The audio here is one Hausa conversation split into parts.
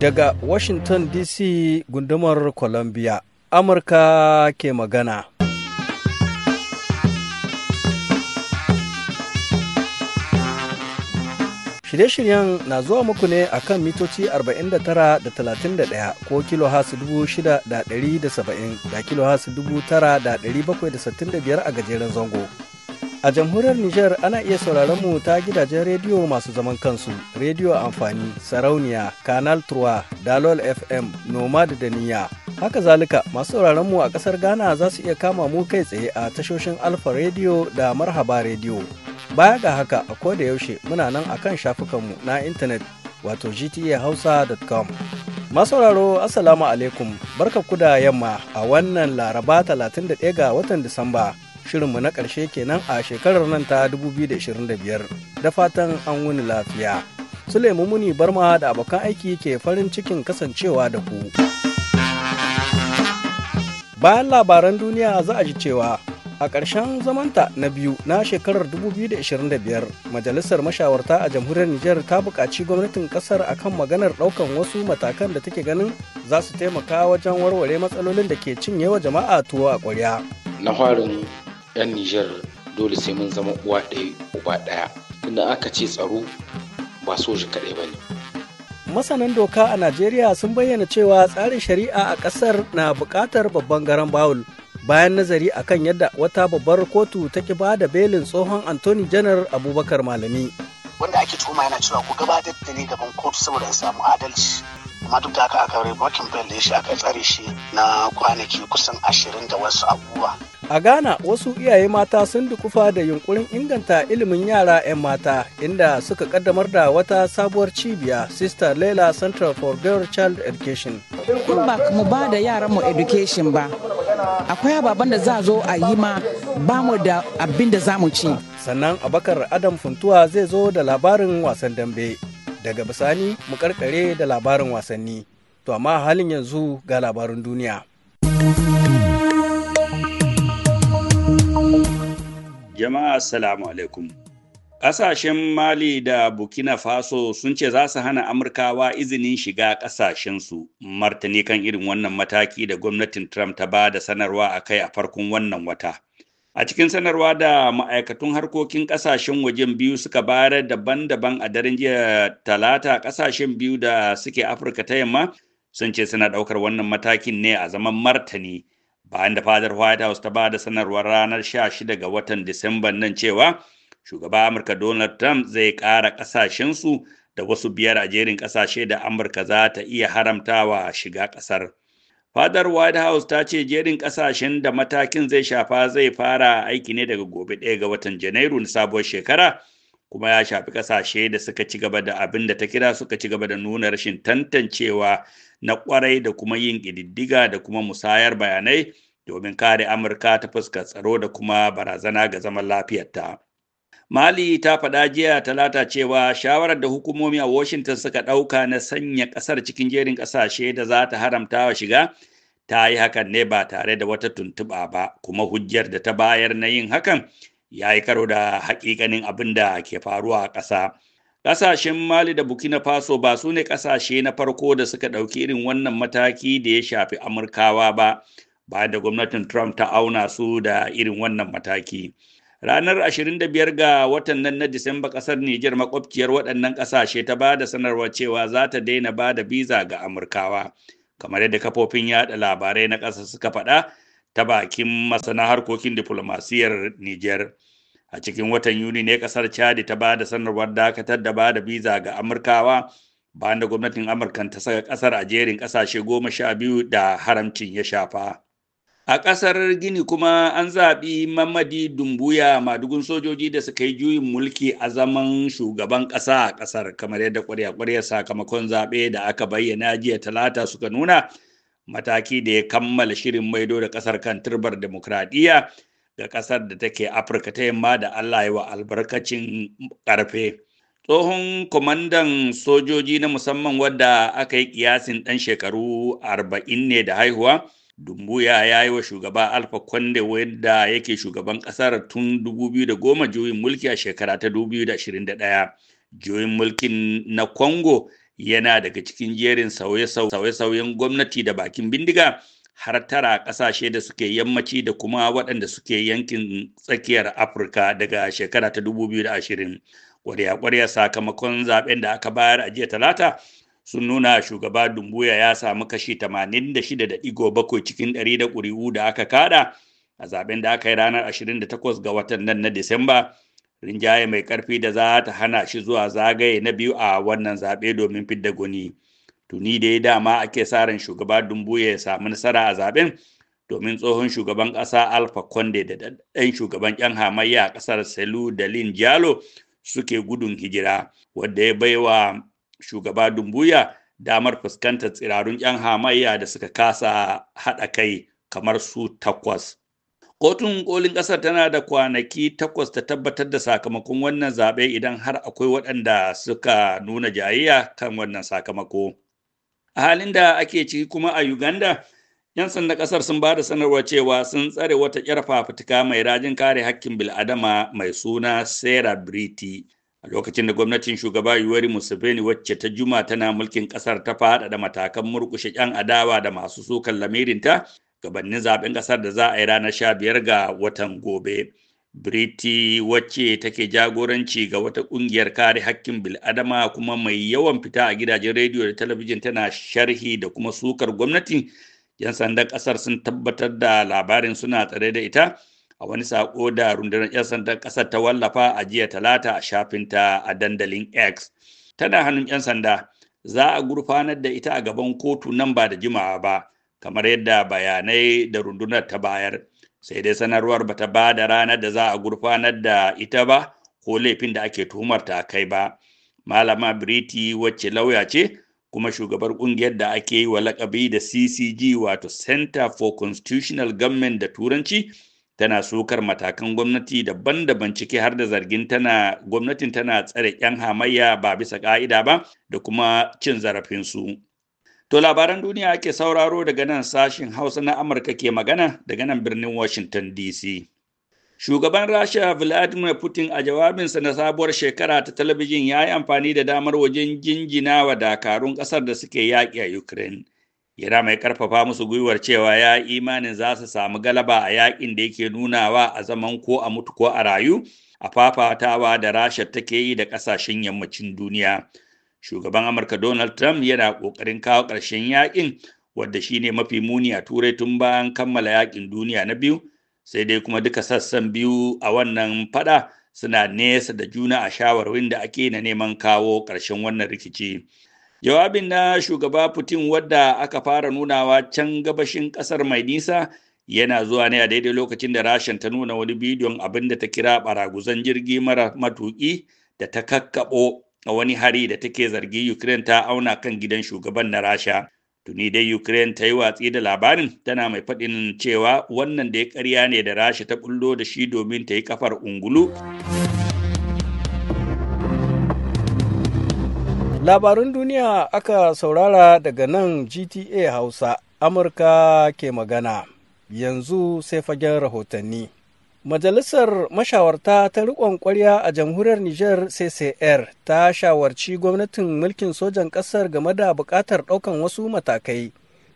Daga Washington DC gundumar Columbia, Amurka ke magana. Shirye-shiryen na zuwa muku ne a kan mitoci 49 da 31 ko kilohas 6,170 da kilohas 9,765 a gajeren zango. A jamhuriyar Nijar ana iya sauraron mu ta gidajen rediyo masu zaman kansu, rediyo amfani, sarauniya, Kanal Truwa dalol FM, nomad da niyya. Haka zalika masu sauraron mu a ƙasar Ghana za su iya kama mu kai tsaye a tashoshin Alfa Radio da Marhaba Radio. Baya ga haka a da yaushe muna nan akan shafukanmu na intanet wato gtahausa.com. Masauraro Assalamu alaikum barka ku da yamma a wannan Laraba 31 ga watan Disamba. shirinmu na ƙarshe kenan a shekarar nan ta 2025 da fatan an wuni lafiya. Sulaimu Muni Barma da abokan aiki ke farin cikin kasancewa da ku. Bayan labaran duniya za a ji cewa a ƙarshen zamanta na biyu na shekarar 2025 majalisar mashawarta a jamhuriyar Nijar ta buƙaci gwamnatin ƙasar a kan maganar ɗaukan wasu matakan da take ganin za su taimaka wajen warware matsalolin da ke cinye wa jama'a tuwo a ƙwarya. Na farin 'yan Nijar dole sai mun zama uwa ɗaya uba ɗaya tunda aka ce tsaro ba soji kaɗai ba ne. Masanan doka a Najeriya sun bayyana cewa tsarin shari'a a ƙasar na buƙatar babban garan bawul bayan nazari a kan yadda wata babbar kotu ta ki ba da belin tsohon Anthony Janar Abubakar Malami. Wanda ake tuma yana cewa ku gabatar da ni gaban kotu saboda samu adalci. amma duk da haka aka revoking bel da shi aka tsare shi na kwanaki kusan ashirin da wasu abubuwa A Ghana wasu iyaye mata sun dukufa da yunkurin inganta ilimin yara 'yan mata inda suka kaddamar da wata sabuwar cibiya Sister Leila Center for Girl Child Education. In ba mu ba da yaran mu education ba, akwai ababen da za zo a yi ma ba mu da abin da za mu ci. Sannan Abakar Adam Funtuwa zai zo da labarin wasan dambe. Daga bisani mu karkare da labarin wasanni. To amma halin yanzu ga labarin duniya. Jama'a Assalamu alaikum. Ƙasashen Mali da Burkina Faso sun ce za su hana Amurkawa izinin shiga ƙasashensu, martani kan irin wannan mataki da gwamnatin Trump ta ba da sanarwa a kai a farkon wannan wata. A cikin sanarwa da ma'aikatun harkokin ƙasashen wajen biyu suka bayar daban-daban a daren jiya talata ƙasashen biyu da suke Afirka ta yamma sun ce suna ɗaukar wannan matakin ne a zaman martani. bayan da fadar white house ta ba da sanarwar ranar 16 ga watan disamba nan cewa shugaba amurka donald trump zai ƙara ƙasashensu da wasu biyar a jerin ƙasashe da amurka za ta iya haramtawa shiga ƙasar fadar white house ta ce jerin kasashen da matakin zai shafa zai fara aiki ne daga gobe ɗaya ga watan janairu na sabuwar shekara kuma ya shafi kasashe da suka ci gaba da abin da ta kira suka ci gaba da nuna rashin tantancewa na kwarai da kuma yin ƙididdiga da kuma musayar bayanai domin kare amurka ta fuskar tsaro da kuma barazana ga zaman lafiyarta mali ta faɗa jiya talata cewa shawarar da hukumomi a washington suka ɗauka na sanya ƙasar cikin jerin ƙasashe da za ta haramta wa shiga ta yi hakan ne ba tare da wata tuntuɓa ba kuma hujjar da ta bayar na yin hakan ya yi karo da haƙiƙanin abin da ke faruwa a ƙasa Ƙasashen Mali da Burkina Faso ba su ne ƙasashe na farko da suka ɗauki irin wannan mataki da ya shafi Amurkawa ba, bayan da gwamnatin Trump ta auna su da irin wannan mataki. Ranar 25 ga watan nan na Disamba ƙasar Nijar makwabciyar waɗannan ƙasashe ta ba da sanarwar cewa za ta daina ba da biza ga Amurkawa. Kamar yadda kafofin yaɗa labarai na ƙasa suka faɗa ta bakin masana harkokin diflomasiyyar Nijar. a cikin watan yuni ne kasar chadi ta ba da sanarwar dakatar da ba da biza ga amurkawa bayan da gwamnatin amurka ta saka kasar a jerin kasashe goma sha biyu da haramcin ya shafa a kasar gini kuma an zaɓi mamadi dumbuya madugun sojoji da suka yi juyin mulki a zaman shugaban ƙasa a ƙasar kamar yadda ƙwarya-ƙwarya sakamakon zaɓe da aka bayyana jiya talata suka nuna mataki da ya kammala shirin maido da ƙasar kan turbar demokradiyya ga ƙasar da take afirka ta yamma da allah yi wa albarkacin ƙarfe tsohon kwamandan sojoji na musamman wadda aka yi kiyasin ɗan shekaru arba'in ne da haihuwa dumbuya ya yi wa shugaba alfa kwande wadda yake shugaban ƙasar tun 2010 juyin mulki a shekara ta 2021 juyin mulkin na congo yana daga cikin jerin sauye-sauyen gwamnati da bakin bindiga har tara ƙasashe da suke yammaci da kuma waɗanda suke yankin tsakiyar afirka daga shekara ta 2020 ƙwarya-ƙwarya sakamakon zaben da aka bayar a jiya talata sun nuna shugaba dumbuya ya samu kashi 86.7 cikin 100 da ƙuri'u da aka kada a zaben da aka yi ranar 28 ga watan nan na disamba rinjaye mai ƙarfi da za ta hana shi zuwa zagaye na biyu a wannan zaɓe domin fidda gwani. tuni da ya dama ake sa ran shugaba dumbuya ya samu nasara a zaben domin tsohon shugaban ƙasa alfa Conde da ɗan shugaban yan hamayya a ƙasar selu dalin jalo suke gudun hijira wadda ya baiwa shugaba dumbuya damar fuskantar tsirarun yan hamayya da suka kasa haɗa kai kamar su takwas kotun kolin ƙasar tana da kwanaki takwas ta tabbatar da sakamakon wannan zaɓe idan har akwai waɗanda suka nuna jayayya kan wannan sakamako a halin da ake ciki kuma a uganda yan sanda kasar sun ba da sanarwa cewa sun tsare wata yar fafutuka mai rajin kare hakkin bil'adama mai suna sarah briti a lokacin da gwamnatin shugaba yuwari museveni wacce ta juma tana mulkin kasar ta faɗaɗa matakan murkushe ƴan adawa da masu sukan lamirinta gabanin zaben ƙasar da za a yi ranar sha biyar ga watan gobe. Briti wacce take jagoranci ga wata ƙungiyar kare hakkin bil'adama kuma mai yawan fita a gidajen rediyo da talabijin tana sharhi da kuma sukar gwamnati. 'Yan sandan ƙasar sun tabbatar da labarin suna tsare da ita a wani saƙo da rundunar 'yan sandan ƙasar ta wallafa a jiya talata a shafinta a dandalin X. Tana hannun 'yan sanda za a gurfanar da ita a gaban kotu nan ba da jimawa ba kamar yadda bayanai da rundunar ta bayar. sai dai sanarwar bata ba da ranar da za a gurfanar da ita ba ko laifin da ake tuhumar ta kai ba malama biriti wacce lauya ce kuma shugabar kungiyar da ake yi wa lakabi da ccg wato center for constitutional government da turanci tana sukar matakan gwamnati daban-daban ciki har da zargin tana gwamnatin tana tsare 'yan hamayya ba bisa ka'ida ba da kuma cin zarafinsu To labaran duniya ake sauraro daga nan sashin Hausa na Amurka ke magana daga nan birnin Washington DC. Shugaban Rasha Vladimir Putin a jawabinsa na sabuwar shekara ta talabijin ya yi amfani da damar wajen jinjina wa dakarun ƙasar da suke yaƙi a Ukraine. Yana mai ƙarfafa musu gwiwar cewa ya yi imanin za su samu galaba a yaƙin da yake nunawa a zaman ko a mutu ko a rayu a fafatawa da Rasha take yi da ƙasashen yammacin duniya. shugaban amurka donald trump yana ƙoƙarin kawo ƙarshen yakin wadda shine mafi muni a turai tun bayan kammala yakin duniya na biyu sai dai kuma duka sassan biyu a wannan fada suna nesa da juna a shawarwarin da ake na neman kawo ƙarshen wannan rikici jawabin na shugaba putin wadda aka fara nunawa can gabashin ƙasar mai nisa yana zuwa ne a daidai lokacin da rashin ta nuna wani bidiyon abin da ta kira baraguzan jirgi mara matuki da ta kakkaɓo a wani hari da take zargi Ukraine ta auna kan gidan shugaban na Rasha. Tuni dai Ukraine ta yi watsi da labarin tana mai faɗin cewa wannan da ya karya ne da Rasha ta bullo da shi domin ta yi kafar ungulu. Labarun duniya aka saurara daga nan GTA Hausa, Amurka ke magana. Yanzu sai fagen rahotanni. Majalisar mashawarta ta riƙon ƙwarya a jamhuriyar Nijar CCR ta shawarci gwamnatin mulkin sojan ƙasar game da buƙatar ɗaukan wasu matakai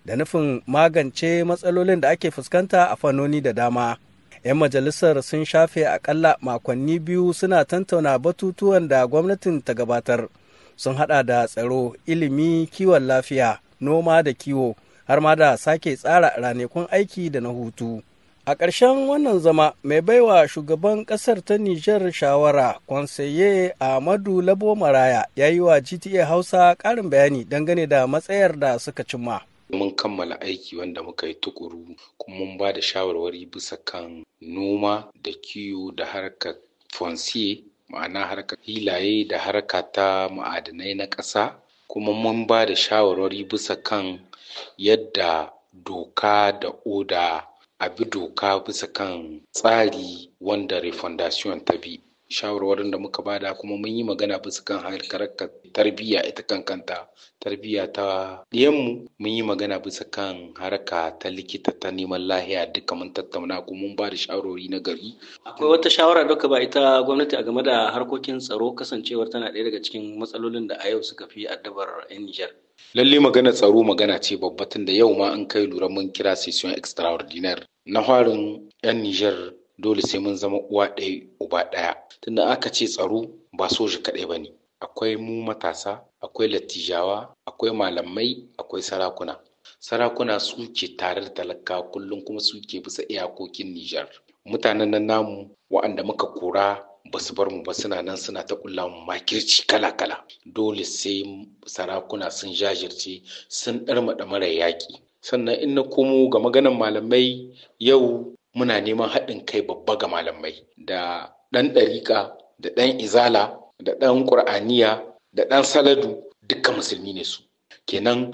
da nufin magance matsalolin da ake fuskanta a fannoni da dama. 'Yan majalisar sun shafe aƙalla makonni biyu suna tantauna batutuwan da gwamnatin ta gabatar. Sun haɗa da tsaro, ilimi, kiwon lafiya, noma da kiwo, har ma da sake tsara ranakun aiki da na hutu. A ƙarshen wannan zama mai baiwa shugaban ƙasar ta Nijar shawara konseye Ahmadu Labo Maraya ya yi wa GTA Hausa ƙarin bayani dangane da matsayar da suka cimma. Mun kammala aiki wanda muka yi tukuru kuma mun ba da shawarwari bisa kan noma da kiwo da harkar fonsiye ma'ana harkar hilaye da harka ta ma'adinai na ƙasa kuma mun ba da shawarwari bisa kan yadda doka da oda a bi doka bisa kan tsari wanda refondation ta bi shawarwarin da muka bada kuma mun yi magana bisa kan harkar tarbiyya ita kan kanta tarbiyya ta ɗiyanmu mun yi magana bisa kan haraka ta likita ta neman lahiya duka mun tattauna kuma mun ba da shawarwari na gari akwai wata shawara duka ba ita gwamnati a game da harkokin tsaro kasancewar tana ɗaya daga cikin matsalolin da a yau suka fi addabar 'yan Nijar. lalle magana tsaro magana ce babbatin, da yau ma an kai lura mun kira session extraordinaire na harin yan Niger dole sai mun zama uwa ɗaya uba ɗaya tunda aka ce tsaro ba soji kaɗai ba ne akwai mu matasa akwai lattijawa akwai malamai akwai sarakuna sarakuna suke tare da talaka kullum kuma suke bisa iyakokin Nijar mutanen nan namu waɗanda muka kora ba su bar mu ba suna nan suna ta kulla mu makirci kala-kala dole sai sarakuna sun jajirce sun ɗarmaɗa mara yaƙi sannan in na komo ga maganan malamai yau muna neman haɗin kai babba ga malamai da ɗan ɗariƙa da ɗan izala da ɗan ƙur'aniya da ɗan saladu dukkan musulmi ne su kenan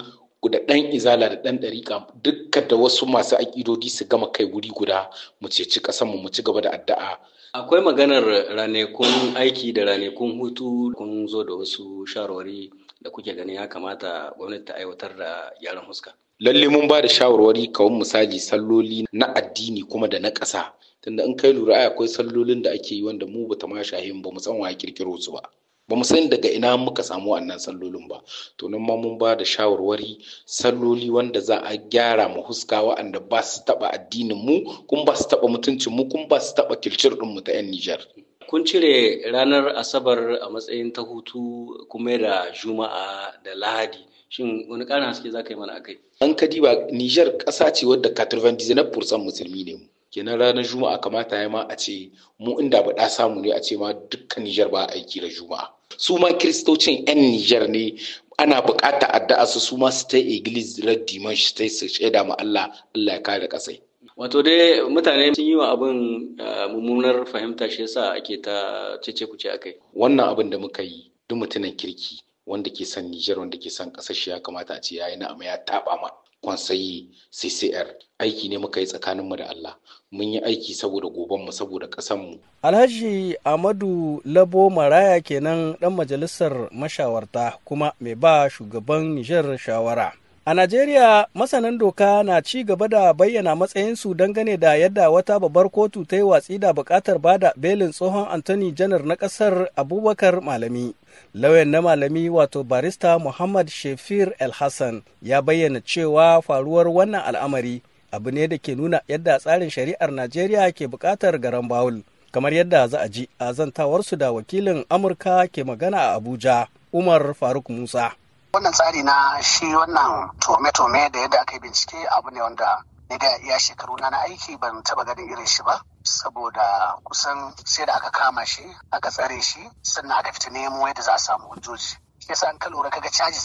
da ɗan izala da ɗan ɗariƙa dukkan da wasu masu aƙidodi su gama kai wuri guda mu ceci ƙasar mu ci gaba da addu'a Akwai maganar ranakun aiki da ranakun hutu kun zo da wasu shawarwari da kuke gani ya kamata gwamnati ta aiwatar da gyaran fuska. Lalle mun ba da shawarwari kawun misali salloli na addini kuma da na ƙasa. Tunda in kai lura akwai sallolin da ake yi wanda mu bata ma shahin ba mu san wa kirkiro su ba. ba mu san daga ina muka samu wannan sallolin ba to nan ma mun ba da shawarwari salloli wanda za a gyara mu huska wa'anda ba su taba addinin mu kun ba su taba mutuncin mu kun ba su taba kilcir din mu ta yan Nijar kun cire ranar asabar a matsayin ta hutu kuma da juma'a da lahadi shin wani ƙarin haske za ka yi mana a kai an kadiba Nijar ƙasa ce wadda 99% musulmi ne mu kenan ranar juma'a kamata ya ma a ce mu inda ba samu ne a ce ma dukkan nijar ba aiki da juma'a su ma kiristocin 'yan Nijar ne ana bukata addu'a su su ma su ta iglis raddiman shi ta su shaida ma Allah Allah ya kare kasai wato dai mutane sun yi wa abin eh, mummunar fahimta shi yasa ake ta cece kuce akai wannan abin da muka yi duk mutumin kirki wanda ke son Nijar wanda ke son kasar shi ya kamata a ce yayi na amma ya taba ma konsayi CCR aiki ne muka yi tsakaninmu da Allah mun yi aiki saboda gobenmu saboda ƙasanmu. Alhaji Amadu Labo Maraya kenan ɗan majalisar mashawarta kuma mai ba shugaban Nijar shawara. A Najeriya masanan doka na ci gaba da bayyana matsayinsu dangane da yadda wata babbar kotu ta yi watsi da bukatar bada belin tsohon Anthony Janar na ƙasar Abubakar Malami. Lauyan na Malami wato barista Muhammad Shafir El Hassan ya bayyana cewa faruwar wannan al'amari abu ne da ke nuna yadda tsarin shari'ar Najeriya ke buƙatar garan bawul kamar yadda za a ji a zantawarsu da wakilin Amurka ke magana a Abuja Umar Faruk Musa. Wannan tsari na shi wannan tome-tome da yadda aka yi bincike abu ne wanda ni da iya shekaru na na aiki ban taba ganin irin shi ba saboda kusan sai da aka kama shi aka tsare shi sannan aka fita nemo yadda za a samu hujjoji yasa an ka lura kaga caji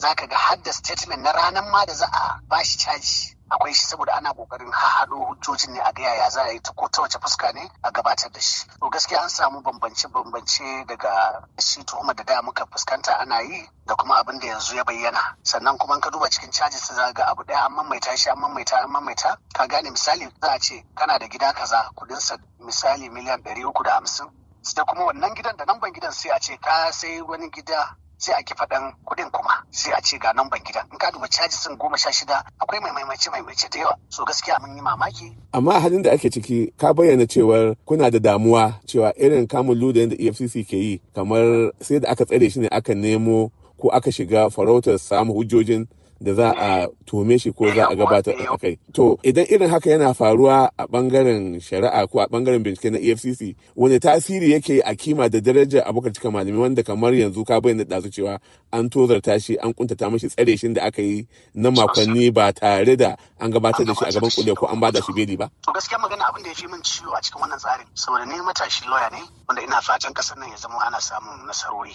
za ka ga har statement na ranar ma da za a shi caji akwai shi saboda ana kokarin haɗo hujjojin ne a ga yaya za a yi ko ta wace fuska ne a gabatar da shi to gaskiya an samu bambance bambance daga shi tuhumar da da muka fuskanta ana yi da kuma abin da yanzu ya bayyana sannan kuma ka duba cikin cajis za ga abu ɗaya an maimaita shi an maimaita an maimaita ka gane misali za a ce kana da gida kaza sa misali miliyan ɗari uku da hamsin da kuma wannan gidan da nan ban gidan sai a ce ka sai wani gida sai a faɗan kuɗin kuma sai a ce ga namban gidan in ka duba caji sun goma sha shida akwai mai maimace maimace da yawa so gaskiya mun yi mamaki. amma halin da ake ciki ka bayyana cewar kuna da damuwa cewa irin kamun ludayen da efcc ke yi kamar sai da aka tsare shi ne aka nemo ko aka shiga farautar samun hujjojin da za a tume shi ko za a gabatar da kai. To idan irin haka yana faruwa a bangaren shari'a ko a bangaren bincike na EFCC wani tasiri yake a kima da darajar abokan cika malami wanda kamar yanzu ka bayyana ɗazu cewa an tozarta shi an kuntata mashi tsare shi da aka yi na makonni ba tare da an gabatar da shi a gaban kuliya ko an bada shi beli ba. To gaskiya magana abin da ya fi min ciwo a cikin wannan tsarin saboda ni matashi lauya ne wanda ina fatan kasar nan ya zama ana samun nasarori.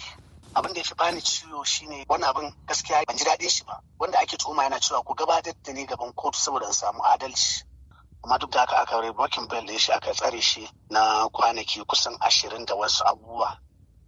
abin da ya fi bani ciwo shine wani abin gaskiya ban ji daɗin shi ba wanda ake tuhuma yana cewa ku gabatar da ni gaban kotu saboda in samu adalci amma duk da haka aka rai bakin bell da shi aka tsare shi na kwanaki kusan ashirin da wasu abubuwa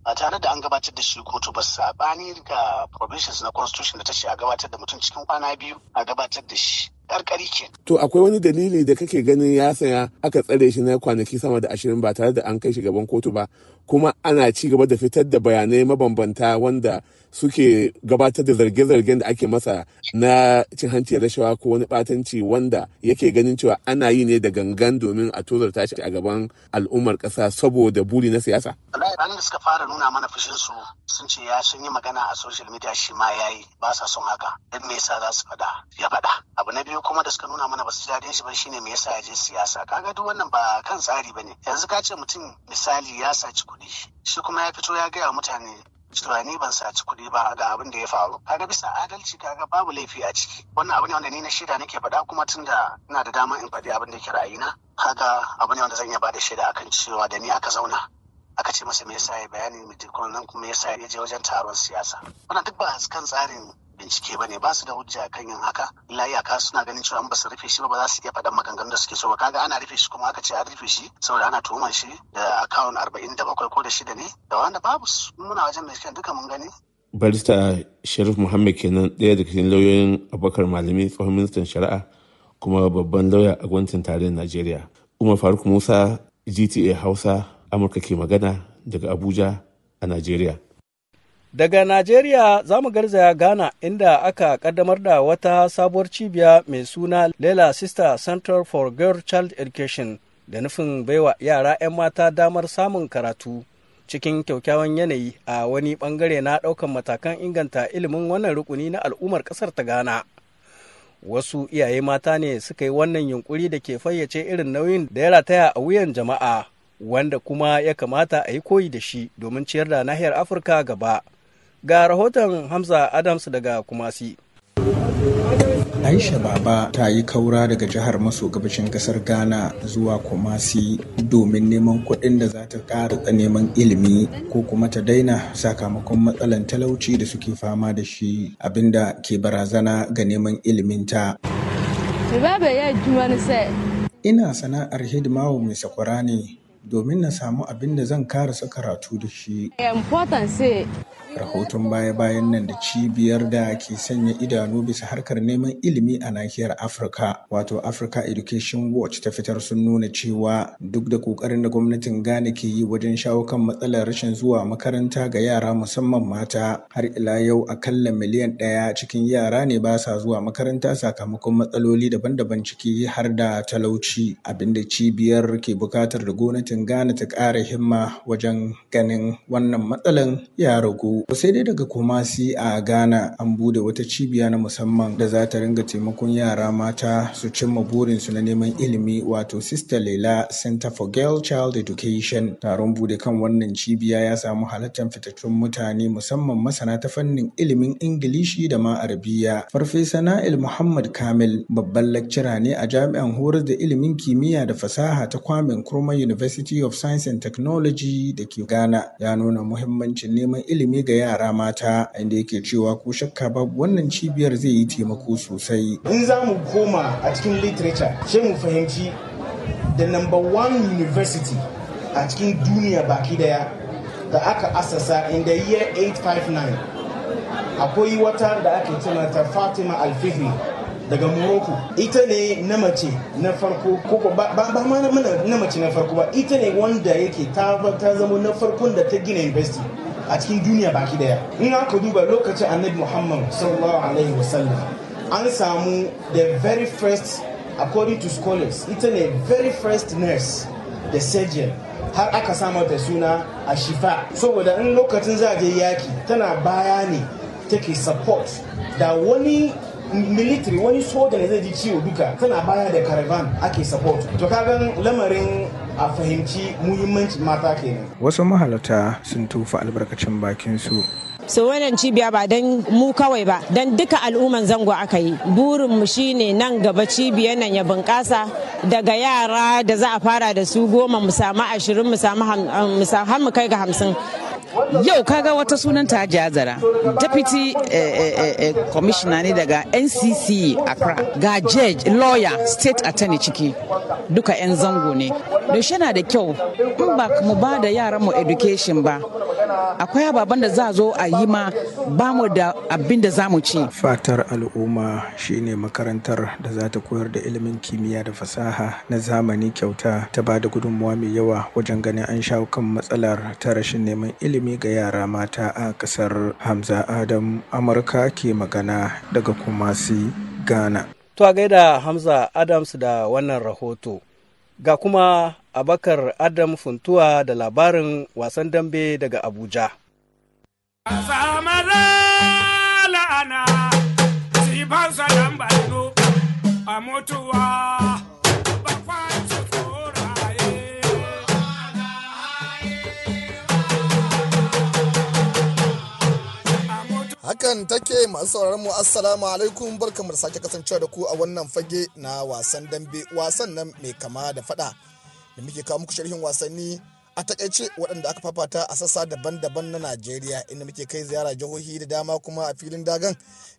ba tare da an gabatar da shi kotu ba saɓani ga provisions na constitution da ta ce a gabatar da mutum cikin kwana biyu a gabatar da shi Ƙarƙari ke. To akwai wani dalili da kake ganin ya saya aka tsare shi na kwanaki sama da ashirin ba tare da an kai shi gaban kotu ba kuma ana ci gaba da fitar da bayanai mabambanta wanda suke gabatar da zarge-zargen da ake masa na cin hanci da rashawa ko wani batanci wanda yake ganin cewa ana yi ne da gangan domin a tozarta shi a gaban al'ummar kasa saboda buri na siyasa. Ranar da suka fara nuna mana fushin su sun ce ya sun yi magana a social media shi ma ya yi ba sa son haka don me yasa za su faɗa ya faɗa. Abu na biyu kuma da suka nuna mana ba su daɗin shi ba shine me yasa ya je siyasa kaga duk wannan ba kan tsari ba ne yanzu ka ce mutum misali ya saci kuɗi kuɗi shi kuma ya fito ya gaya mutane cewa ni ban saci kuɗi ba ga abin da ya faru kaga bisa adalci kaga babu laifi a ciki wannan abu ne wanda ni na shaida nake faɗa kuma tun da ina da dama in faɗi abin da yake ra'ayina kaga abu ne wanda zan iya bada shaida akan cewa da ni aka zauna aka ce masa me yasa ya bayani mutum nan kuma yasa ya je wajen taron siyasa wannan duk ba kan tsarin bincike ba ne ba su da hujja kan yin haka layi ka suna ganin cewa an ba su rufe shi ba za su iya faɗan maganganun da suke so ba kaga ana rufe shi kuma aka ce an rufe shi saboda ana tuhumar shi da akawun arba'in da bakwai ko da shida ne da wanda babu muna wajen shi duka mun gani barista sharif muhammad kenan ɗaya daga cikin lauyoyin abubakar malami tsohon ministan shari'a kuma babban lauya a gwamnatin tarihin najeriya umar faruk musa gta hausa amurka ke magana daga abuja a najeriya Daga Najeriya za mu garzaya Ghana inda aka kaddamar da wata sabuwar cibiya mai suna Lela Sister Center for Girl Child Education da nufin baiwa yara 'yan mata damar samun karatu cikin kyaukyawan yanayi a wani bangare na ɗaukan matakan inganta ilimin wannan rukuni na al'ummar ƙasar ta Ghana. Wasu iyaye mata ne suka yi wannan yunkuri da ke fayyace irin nauyin da ya rataya a wuyan jama'a wanda kuma ya kamata a yi koyi da shi domin ciyar da nahiyar Afirka gaba. Ga rahoton Hamza Adams daga Kumasi. Aisha Baba ta yi kaura daga jihar maso gabashin kasar Ghana zuwa Kumasi domin neman kuɗin da za ta ƙara neman ilimi ko kuma ta daina sakamakon matsalan talauci da suke fama da shi abinda ke barazana ga neman ilimin iliminta. Ina sana'ar hidima mai sakwara ne domin na samu abin da zan karasa karatu da shi. Rahoton baya-bayan nan da cibiyar da ke sanya idanu bisa harkar neman ilimi a nahiyar Afirka, wato Africa Education Watch ta fitar sun nuna cewa duk da kokarin da gwamnatin Ghana ke yi wajen shawo kan matsalar rashin zuwa makaranta ga yara musamman mata, har ila yau akalla miliyan ɗaya cikin yara ne ba sa zuwa makaranta sakamakon matsaloli daban-daban ciki har da talauci, abinda cibiyar ke bukatar da gwamnatin nufin Ghana ta ƙara himma wajen ganin wannan matsalan ya ragu. Sai dai daga Kumasi a Ghana an bude wata cibiya na musamman da za ta ringa taimakon yara mata su cimma burinsu na neman ilimi wato Sister Leila Center for Girl Child Education. Taron bude kan wannan cibiya ya samu halartar fitattun mutane musamman masana ta fannin ilimin Ingilishi da ma Arabiya. Farfesa Na'il Muhammad Kamil babban lakcira ne a jami'an horar da ilimin kimiyya da fasaha ta Kwame Nkrumah University University of Science and Technology da ke Ghana ya nuna muhimmancin neman ilimi ga yara mata inda yake cewa ko shakka babu wannan cibiyar zai yi taimako sosai. In za mu koma a cikin literature sai mu fahimci da number one university a cikin duniya baki daya da aka asasa in the year 859 akwai wata da ake cewa ta Fatima Alfihri daga morocco ita ne na mace na farko ko ba ba ma na mace na farko ba ita ne wanda yake ta ta zama na farkon da ta gina university a cikin duniya baki daya in aka duba lokacin annabi muhammad sallallahu alaihi wasallam an samu the very first according to scholars ita ne very first nurse the surgeon har aka samu ta suna a shifa saboda in lokacin za je yaki tana baya ne take support da wani military wani soja ne zai ji ciwo duka tana baya da caravan ake support to kagan lamarin a fahimci muhimmancin mata kenan wasu mahalarta sun tufa albarkacin bakin su so wannan cibiya ba don mu kawai ba don duka al'umman zango aka yi burin mu shine nan gaba cibiyar nan ya bunƙasa daga yara da za a fara da su goma mu samu ashirin mu samu eh, kai ga hamsin yau kaga wata sunan ta jazara deputy eh, eh, eh, commissioner ne daga ncc accra ga judge lawyer state attorney ciki duka 'yan zango ne don shi yana da kyau in ba mu ba da yaran mu education ba akwai ababen da za zo a yi ma ba mu da abin da za mu ci fatar al'umma shine makarantar da za ta koyar da ilimin kimiyya da fasaha na zamani kyauta ta ba da gudunmuwa mai yawa wajen ganin an shawo kan matsalar ta rashin neman ilimi ilimi ga yara mata a ƙasar Hamza Adam Amurka ke magana daga Kumasi, Ghana. To a gaida Hamza Adams da wannan rahoto. Ga kuma Abakar Adam Funtuwa da labarin wasan dambe daga Abuja. a mutuwa. hakan take masu sauraron mu assalamu alaikum barkamu da sake kasancewa da ku a wannan fage na wasan dambe wasan nan mai kama da fada da muke kawo muku sharhin wasanni a takaice waɗanda aka fafata a sassa daban-daban na najeriya inda muke kai ziyara jihohi da dama kuma a filin dagan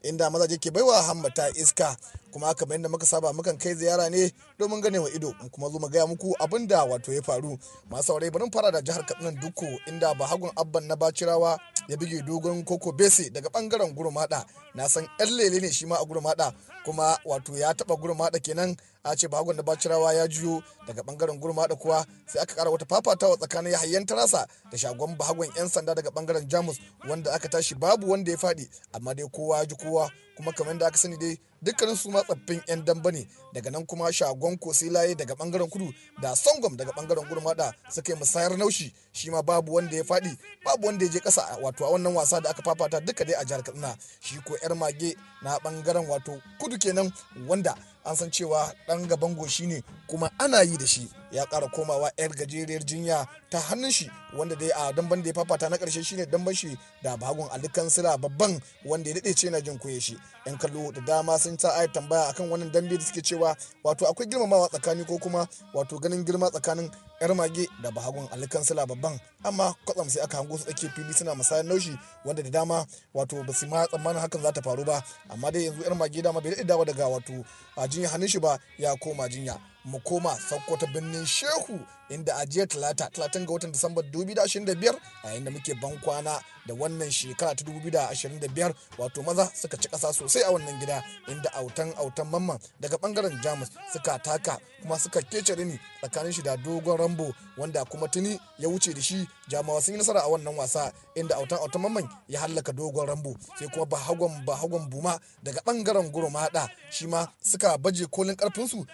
inda mazaje ke baiwa hammata iska kuma kamar yadda muka saba mukan kai ziyara ne domin gane wa ido kuma zo mu gaya muku abin da wato ya faru masu saurayi bari fara da jihar katsina duku inda bahagun abban na bacirawa ya buge dogon koko bese daga bangaren gurmada na san yan lele ne shi ma a gurmada kuma wato ya taba gurmada kenan a ce ba da bacirawa ya juyo daga bangaren gurmada kuwa sai aka kara wata fafatawa tsakanin yahayyan tarasa da shagon bagon yan sanda daga bangaren jamus wanda aka tashi babu wanda ya fadi amma dai kowa ji kowa kuma kamar da aka sani dai dukkanin su ma tsaffin yan damba ne daga nan kuma shagon kosilaye daga bangaren kudu da songom daga bangaren gurmada suka yi musayar naushi shi ma babu wanda ya faɗi babu wanda ya je kasa wato a wannan wasa da aka fafata duka dai a jihar katsina shi ko yar mage na bangaren wato kudu kenan wanda an san cewa dan gaban goshi ne kuma ana yi da shi ya kara komawa 'yar gajeriyar jinya ta hannun shi wanda dai a damban da ya fafata na ƙarshe shine damban shi da bagon alikan sila babban wanda ya dade ce na jin koye shi yan kallo da dama sun ta tambaya akan wannan dambe da suke cewa wato akwai girmamawa tsakani ko kuma wato ganin girma tsakanin yar mage da bahagun alikan sila babban amma kwatsam sai aka hango su tsake fili suna musayar naushi wanda da dama wato ba su ma tsammanin hakan za ta faru ba amma dai yanzu yar mage dama bai daɗe dawa daga wato a hannun shi ba ya koma jinya mu koma sakkwata birnin shehu inda a jiya talata talatin ga watan disamba 2025 a yayin da muke ban kwana da wannan shekara ta 2025 wato maza suka ci kasa sosai a wannan gida inda autan autan mamman daga bangaren jamus suka taka kuma suka kece rini tsakanin shi da dogon rambo wanda kuma tuni ya wuce da shi jamawa sun yi nasara a wannan wasa inda autan autan mamman ya hallaka dogon rambo sai kuma bahagon bahagon buma daga bangaren gurmada shi ma suka baje kolin karfinsu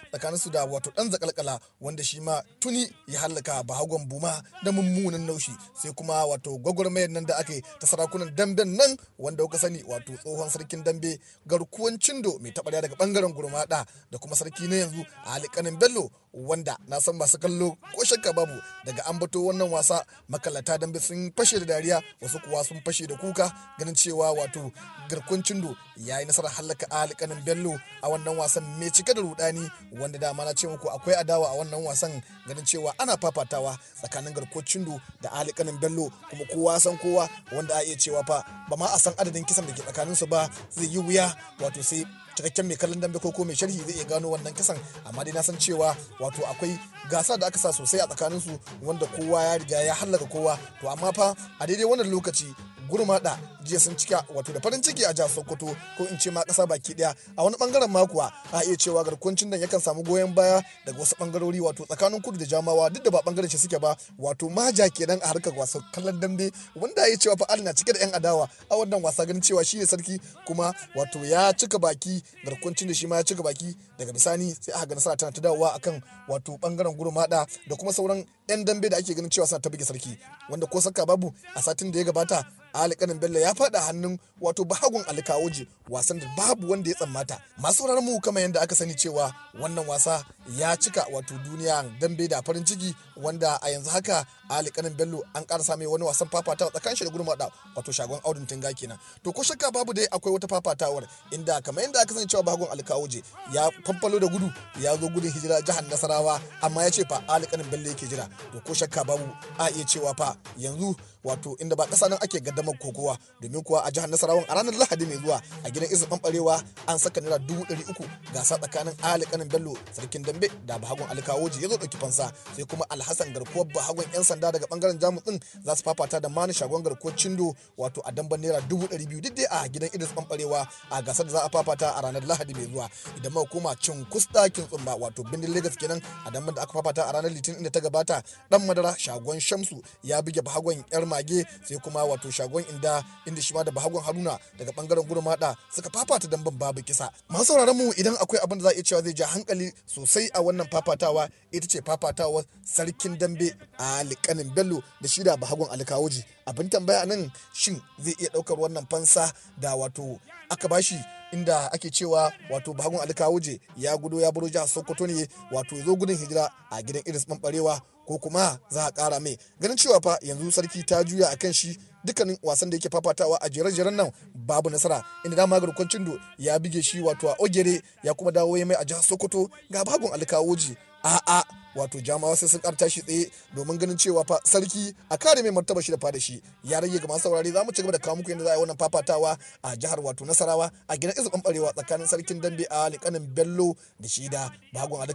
su da wato dan zakalkala wanda shi ma tuni ya hallaka bahagon buma da mummunan naushi sai kuma wato gwagwarmayar nan da ake ta sarakunan damben nan wanda kuka sani wato tsohon sarkin dambe garkuwan cindo mai taɓarya daga bangaren gurmada da kuma sarki na yanzu ali kanin bello wanda na san masu kallo ko shakka babu daga an bato wannan wasa makalata dambe sun fashe da dariya wasu kuwa sun fashe da kuka ganin cewa wato garkuwan cindo ya yi nasarar hallaka ali kanin bello a wannan wasan mai cike da rudani wanda dama na ce muku akwai adawa a wannan wasan ganin cewa ana fafatawa tsakanin garkuwar cindo da alikanin bello kuma kowa san kowa wanda a iya cewa fa ba ma a san adadin kisan da ke tsakanin su ba zai yi wuya wato sai cikakken mai kallon dambe ko ko mai sharhi zai iya gano wannan kisan amma dai na san cewa wato akwai gasa da aka sa sosai a tsakanin su wanda kowa ya riga ya hallaka kowa to amma fa a daidai wannan lokaci gurmada jiya sun cika wato da farin ciki a jihar sokoto ko in ce ma kasa baki daya a wani bangaren makuwa a iya cewa garkuwanci nan yakan samu goyon baya daga wasu bangarori wato tsakanin kudu da jamawa duk da ba bangaren shi suke ba wato maja kenan a harkar wasa kallon dambe wanda ya cewa fa na cike da yan adawa a wannan wasa ganin cewa shi ne sarki kuma wato ya cika baki garkuwan cin da shi ma ya ci baki daga bisani sai aka ga nasara tana ta dawowa akan wato bangaren gurin mada da kuma sauran yan dambe da ake ganin cewa suna ta buge sarki wanda ko saka babu a satin da ya gabata alƙarin bello ya faɗa hannun wato bahagun alkawoji wasan da babu wanda ya tsammata masu sauraron mu kamar yadda aka sani cewa wannan wasa ya cika wato duniya dambe da farin ciki wanda a yanzu haka alƙarin bello an ƙara mai wani wasan fafatawa tsakanin shi da gurmaɗa wato shagon audun tunga kenan to ko shakka babu dai akwai wata fafatawar inda kamar yadda aka sani cewa bahagun alkawoji ya fanfalo da gudu ya zo gudun hijira jihar nasarawa amma ya ce fa alƙarin bello yake jira to ko shakka babu a iya cewa fa yanzu wato inda ba kasa nan ake gaddamar kokowa domin kuwa a jihar nasarawan a ranar lahadi mai zuwa a gidan izin ɓanɓarewa an saka naira dubu ɗari uku gasa tsakanin ali kanin bello sarkin dambe da bahagon alkawoji ya zo ɗauki fansa sai kuma alhassan garkuwar bahagon yan sanda daga ɓangaren jamus ɗin za su fafata da mani shagon garkuwar cindo wato a damban naira dubu ɗari biyu duk a gidan idris ɓanɓarewa a gasar da za a fafata a ranar lahadi mai zuwa idan ma hukuma cin kusta kin tsumba wato bindin legas kenan a damban da aka fafata a ranar litinin da ta gabata dan madara shagon shamsu ya buge bahagon yar mage sai kuma wato shagon inda inda shi ma da bahagon haruna daga bangaren gudu mada suka fafata damben babu kisa masu sauraron mu idan akwai abin da za a iya cewa zai ja hankali sosai a wannan fafatawa ita ce fafatawa sarkin dambe a likanin bello da shi da bahagon alkawoji abin tambaya nan shin zai iya daukar wannan fansa da wato aka bashi inda ake cewa wato bahagun alkawuje ya gudo ya baro jihar sokoto ne wato zo gudun hijira a gidan irin ɓanɓarewa ko kuma za a ƙara mai ganin cewa fa yanzu sarki ta juya a kan shi dukkanin wasan da yake fafatawa a jere-jeren nan babu nasara inda dama garkon cindo ya bige shi wato a ogere ya kuma dawo ya mai a jihar sokoto ga bagun alkawoji a'a wato jamawa sai sun karta shi tsaye domin ganin cewa fa sarki a kare mai martaba shi da fada shi ya rage ga masu saurari za mu ci gaba da kawo muku yadda za a yi wannan fafatawa a jihar wato nasarawa a gidan izu barewa tsakanin sarkin dambe a likanin bello da shi da bahagon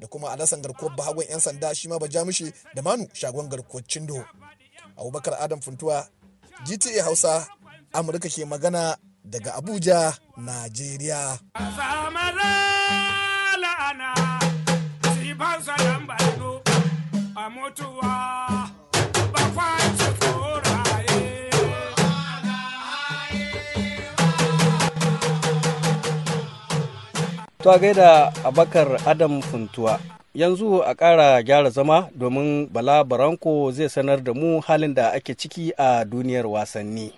da kuma alasan garkuwar bahagon yan sanda shi ma ba jamushe da manu shagon garkuwar cindo abubakar adam funtuwa gta hausa amurka ke magana daga abuja najeriya a mutuwa To a gaida Abakar Adam Funtuwa. yanzu a ƙara gyara zama domin bala baranko zai sanar da mu halin da ake ciki a duniyar wasanni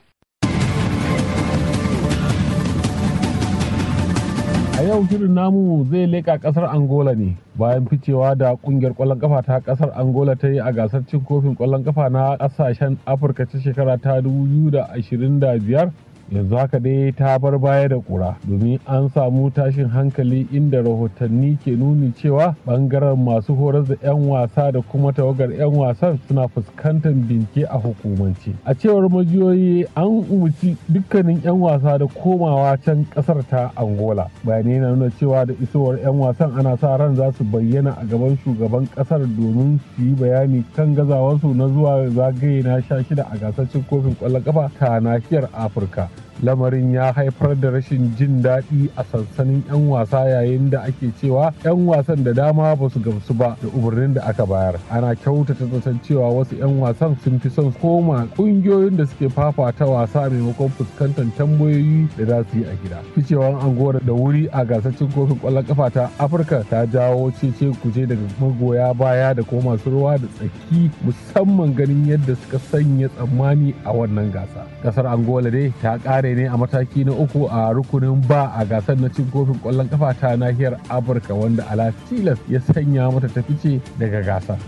a yau shirin namu zai leƙa ƙasar angola ne bayan ficewa da ƙungiyar ƙwallon kafa ta ƙasar angola ta yi a gasar cin kofin ƙwallon kafa na ƙasashen afirka ta shekara ta 2025 yanzu haka dai ta bar baya da kura domin an samu tashin hankali inda rahotanni ke nuni cewa bangaren masu horar da 'yan wasa da kuma tawagar 'yan wasan suna fuskantar bincike a hukumance a cewar majiyoyi an umarci dukkanin 'yan wasa da komawa can kasar ta angola bayanai na nuna cewa da isowar 'yan wasan ana sa ran za su bayyana a gaban shugaban kasar domin su yi bayani kan gazawarsu na zuwa zagaye na sha shida a gasar cin kofin kwallon kafa ta nahiyar afirka lamarin ya haifar da rashin jin daɗi a sansanin 'yan wasa yayin da ake cewa 'yan wasan da dama ba su gamsu ba da umarnin da aka bayar ana kyautata zaton cewa wasu 'yan wasan sun fi son koma ƙungiyoyin da suke fafata wasa maimakon fuskantar tambayoyi da za su yi a gida Ficewar angola da wuri a gasashen kofin ƙwallon kafa ta afirka ta jawo cece kuje daga magoya baya da kuma masu ruwa da tsaki musamman ganin yadda suka sanya tsammani a wannan gasa ƙasar angola dai ta ƙare kare ne a mataki na uku a rukunin ba a gasar na cin kofin kwallon kafa ta nahiyar Afirka wanda ala tilas ya sanya mata ta fice daga gasa.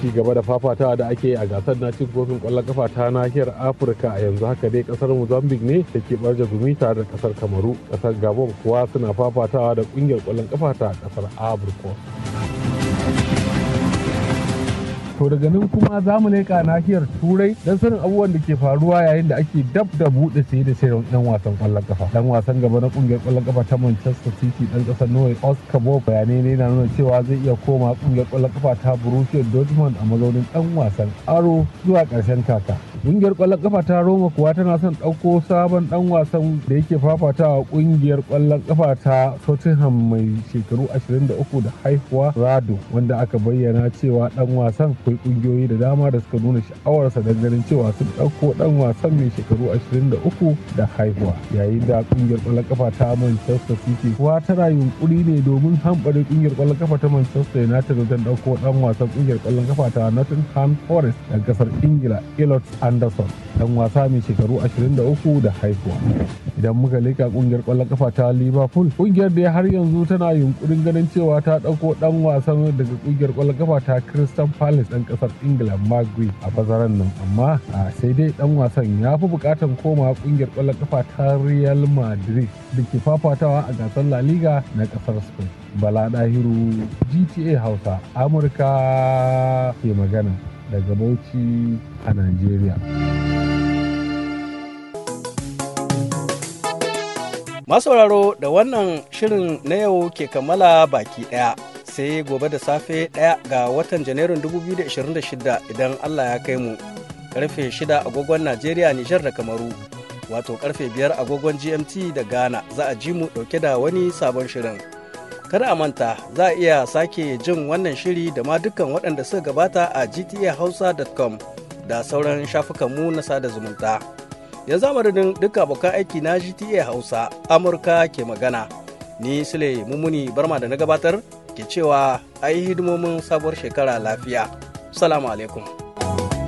ci gaba da fafatawa da ake a gasar na cin kofin kwallon kafa ta nahiyar afirka a yanzu haka dai kasar mozambique ne da ke barja gumi tare da kasar kamaru kasar gabon kuwa suna fafatawa da kungiyar kwallon kafa ta kasar Afirka. to daga nan kuma za mu leƙa nahiyar turai don sanin abubuwan da ke faruwa yayin da ake dab da buɗe sai da sayar ɗan wasan ƙwallon kafa ɗan wasan gaba na ƙungiyar ƙwallon kafa ta manchester city ɗan ƙasar norway oscar bob bayanai ne na nuna cewa zai iya koma ƙungiyar ƙwallon kafa ta borussia dortmund a mazaunin ɗan wasan aro zuwa ƙarshen kaka ƙungiyar ƙwallon kafa ta roma kuwa tana son ɗauko sabon ɗan wasan da yake fafatawa ƙungiyar ƙwallon kafa ta tottenham mai shekaru 23 da haihuwa rado wanda aka bayyana cewa ɗan wasan akwai kungiyoyi da dama da suka nuna sha'awarsa ganin cewa sun ɗauko ɗan wasan mai shekaru 23 da haihuwa yayin da kungiyar ƙwallon kafa ta manchester city kuwa tana yunkuri ne domin hamɓare kungiyar ƙwallon kafa ta manchester united wajen ɗauko ɗan wasan kungiyar ƙwallon kafa ta nottingham forest da ƙasar ingila Elliot anderson ɗan wasa mai shekaru 23 da haihuwa idan muka leka kungiyar ƙwallon kafa ta liverpool kungiyar da har yanzu tana yunkurin ganin cewa ta ɗauko ɗan wasan daga kungiyar ƙwallon kafa ta crystal palace dan ƙasar ingila magui a bazaran nan amma sai dai dan wasan ya fi buƙatar komawa ƙungiyar ƙwallon kafa ta real madrid da ke fafatawa a gasar la liga na kasar spain bala dahiru gta hausa amurka ke magana daga bauchi a nigeria masauraro da wannan shirin na yau ke kammala baki ɗaya sai gobe da safe ɗaya ga watan janairun 2026 idan Allah ya kai mu karfe 6 agogon Najeriya Nijar da Kamaru wato karfe 5 agogon GMT da Ghana za a ji mu dauke da wani sabon shirin. Kada a manta za a iya sake jin wannan shiri da ma dukkan waɗanda suka gabata a gtahausa.com da sauran shafukanmu na sada zumunta. Yanzu amadadin duka abokan aiki na GTA Hausa, Amurka ke magana. Ni Sule mummuni Barma da na gabatar ke cewa a yi hidimomin sabuwar shekara lafiya. Salamu alaikum.